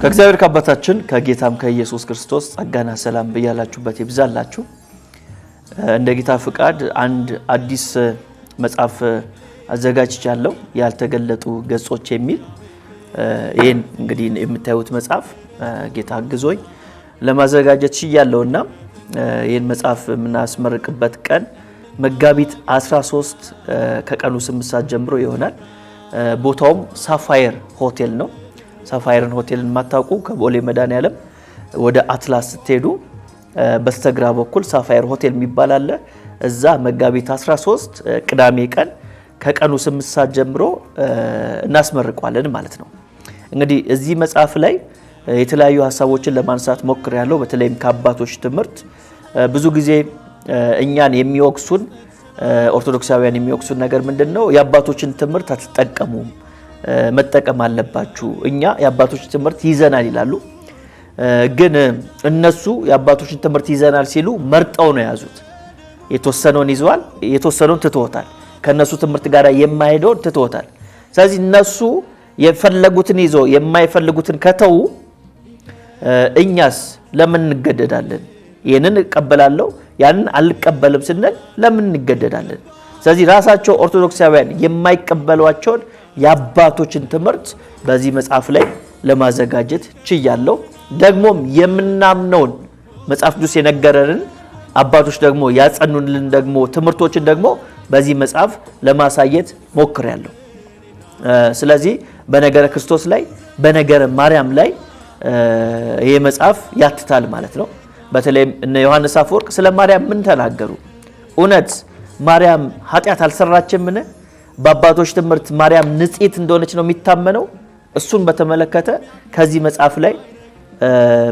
ከእግዚአብሔር ከአባታችን ከጌታም ከኢየሱስ ክርስቶስ ጸጋና ሰላም ብያላችሁበት ይብዛላችሁ። እንደ ጌታ ፍቃድ አንድ አዲስ መጽሐፍ አዘጋጅቻለሁ፣ ያልተገለጡ ገጾች የሚል ይህን እንግዲህ የምታዩት መጽሐፍ ጌታ አግዞኝ ለማዘጋጀት ሽያለውና ይህን መጽሐፍ የምናስመርቅበት ቀን መጋቢት 13 ከቀኑ 8 ሰዓት ጀምሮ ይሆናል። ቦታውም ሳፋየር ሆቴል ነው። ሳፋየርን ሆቴልን የማታውቁ ከቦሌ መድኃኔዓለም ወደ አትላስ ስትሄዱ በስተግራ በኩል ሳፋየር ሆቴል የሚባል አለ። እዛ መጋቢት 13 ቅዳሜ ቀን ከቀኑ 8 ሰዓት ጀምሮ እናስመርቋለን ማለት ነው። እንግዲህ እዚህ መጽሐፍ ላይ የተለያዩ ሀሳቦችን ለማንሳት ሞክር ያለው በተለይም ከአባቶች ትምህርት ብዙ ጊዜ እኛን የሚወቅሱን ኦርቶዶክሳውያን የሚወቅሱን ነገር ምንድን ነው? የአባቶችን ትምህርት አትጠቀሙም፣ መጠቀም አለባችሁ። እኛ የአባቶች ትምህርት ይዘናል ይላሉ። ግን እነሱ የአባቶችን ትምህርት ይዘናል ሲሉ መርጠው ነው የያዙት። የተወሰነውን ይዘዋል፣ የተወሰነውን ትትወታል። ከእነሱ ትምህርት ጋር የማይሄደውን ትትወታል። ስለዚህ እነሱ የፈለጉትን ይዘው የማይፈልጉትን ከተዉ እኛስ ለምን እንገደዳለን? ይህንን እቀበላለሁ ያንን አልቀበልም ስንል ለምን እንገደዳለን? ስለዚህ ራሳቸው ኦርቶዶክሳውያን የማይቀበሏቸውን የአባቶችን ትምህርት በዚህ መጽሐፍ ላይ ለማዘጋጀት ችያለሁ። ደግሞም የምናምነውን መጽሐፍ ቅዱስ የነገረንን አባቶች ደግሞ ያጸኑንልን ደግሞ ትምህርቶችን ደግሞ በዚህ መጽሐፍ ለማሳየት ሞክሬያለሁ። ስለዚህ በነገረ ክርስቶስ ላይ በነገረ ማርያም ላይ ይህ መጽሐፍ ያትታል ማለት ነው። በተለይም እነ ዮሐንስ አፈወርቅ ስለ ማርያም ምን ተናገሩ? እውነት ማርያም ኃጢአት አልሰራችምን? በአባቶች ትምህርት ማርያም ንጽሕት እንደሆነች ነው የሚታመነው። እሱን በተመለከተ ከዚህ መጽሐፍ ላይ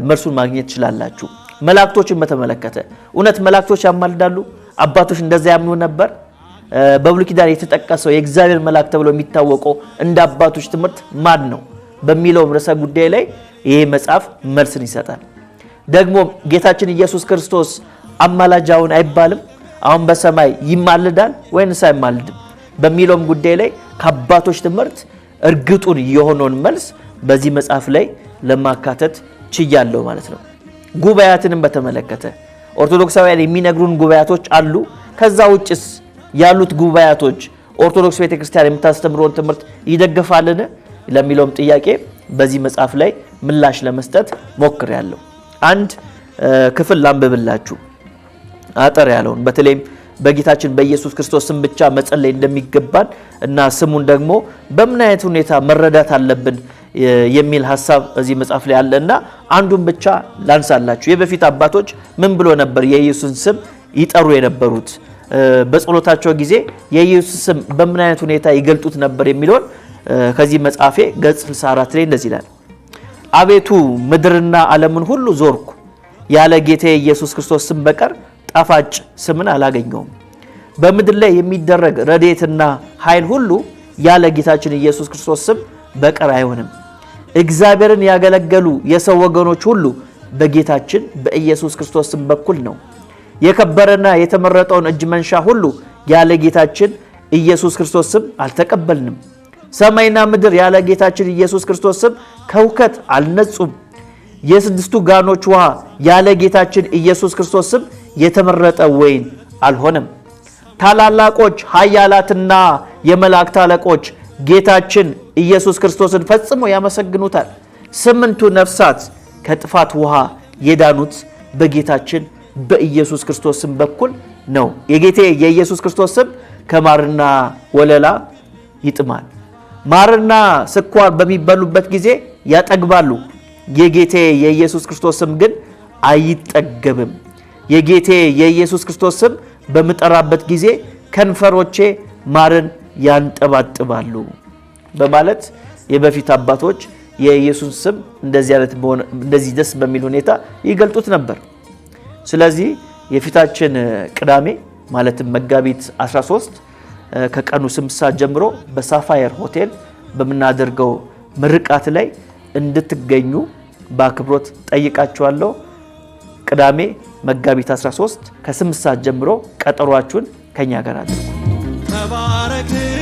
መልሱን ማግኘት ትችላላችሁ። መላእክቶችን በተመለከተ እውነት መላእክቶች ያማልዳሉ? አባቶች እንደዛ ያምኑ ነበር? በብሉይ ኪዳን የተጠቀሰው የእግዚአብሔር መልአክ ተብሎ የሚታወቀው እንደ አባቶች ትምህርት ማን ነው በሚለውም ርዕሰ ጉዳይ ላይ ይሄ መጽሐፍ መልስን ይሰጣል። ደግሞ ጌታችን ኢየሱስ ክርስቶስ አማላጃውን አይባልም? አሁን በሰማይ ይማልዳል ወይንስ አይማልድም በሚለውም ጉዳይ ላይ ከአባቶች ትምህርት እርግጡን የሆነውን መልስ በዚህ መጽሐፍ ላይ ለማካተት ችያለሁ ማለት ነው። ጉባኤያትንም በተመለከተ ኦርቶዶክሳውያን የሚነግሩን ጉባኤያቶች አሉ። ከዛ ውጭስ ያሉት ጉባኤያቶች ኦርቶዶክስ ቤተክርስቲያን የምታስተምረውን ትምህርት ይደግፋልን? ለሚለውም ጥያቄ በዚህ መጽሐፍ ላይ ምላሽ ለመስጠት ሞክሬያለሁ። አንድ ክፍል ላንብብላችሁ አጠር ያለውን በተለይም በጌታችን በኢየሱስ ክርስቶስ ስም ብቻ መጸለይ እንደሚገባን እና ስሙን ደግሞ በምን አይነት ሁኔታ መረዳት አለብን የሚል ሀሳብ እዚህ መጽሐፍ ላይ አለ እና አንዱን ብቻ ላንሳላችሁ። የበፊት አባቶች ምን ብሎ ነበር የኢየሱስን ስም ይጠሩ የነበሩት? በጸሎታቸው ጊዜ የኢየሱስ ስም በምን አይነት ሁኔታ ይገልጡት ነበር የሚለውን ከዚህ መጽሐፌ ገጽ 64 ላይ እንደዚህ ይላል። አቤቱ ምድርና ዓለምን ሁሉ ዞርኩ፣ ያለ ጌቴ ኢየሱስ ክርስቶስ ስም በቀር ጣፋጭ ስምን አላገኘውም። በምድር ላይ የሚደረግ ረድኤትና ኃይል ሁሉ ያለ ጌታችን ኢየሱስ ክርስቶስ ስም በቀር አይሆንም። እግዚአብሔርን ያገለገሉ የሰው ወገኖች ሁሉ በጌታችን በኢየሱስ ክርስቶስ ስም በኩል ነው። የከበረና የተመረጠውን እጅ መንሻ ሁሉ ያለ ጌታችን ኢየሱስ ክርስቶስ ስም አልተቀበልንም። ሰማይና ምድር ያለ ጌታችን ኢየሱስ ክርስቶስ ስም ከውከት አልነጹም። የስድስቱ ጋኖች ውሃ ያለ ጌታችን ኢየሱስ ክርስቶስ ስም የተመረጠ ወይን አልሆነም። ታላላቆች ኃያላትና የመላእክት አለቆች ጌታችን ኢየሱስ ክርስቶስን ፈጽሞ ያመሰግኑታል። ስምንቱ ነፍሳት ከጥፋት ውሃ የዳኑት በጌታችን በኢየሱስ ክርስቶስ ስም በኩል ነው። የጌቴ የኢየሱስ ክርስቶስ ስም ከማርና ወለላ ይጥማል። ማርና ስኳር በሚበሉበት ጊዜ ያጠግባሉ፣ የጌቴ የኢየሱስ ክርስቶስ ስም ግን አይጠገብም። የጌቴ የኢየሱስ ክርስቶስ ስም በምጠራበት ጊዜ ከንፈሮቼ ማርን ያንጠባጥባሉ በማለት የበፊት አባቶች የኢየሱስ ስም እንደዚህ ደስ በሚል ሁኔታ ይገልጡት ነበር። ስለዚህ የፊታችን ቅዳሜ ማለትም መጋቢት 13 ከቀኑ ስምንት ሰዓት ጀምሮ በሳፋየር ሆቴል በምናደርገው ምርቃት ላይ እንድትገኙ በአክብሮት ጠይቃችኋለሁ። ቅዳሜ መጋቢት 13 ከስምንት ሰዓት ጀምሮ ቀጠሯችሁን ከኛ ጋር አድርጉ።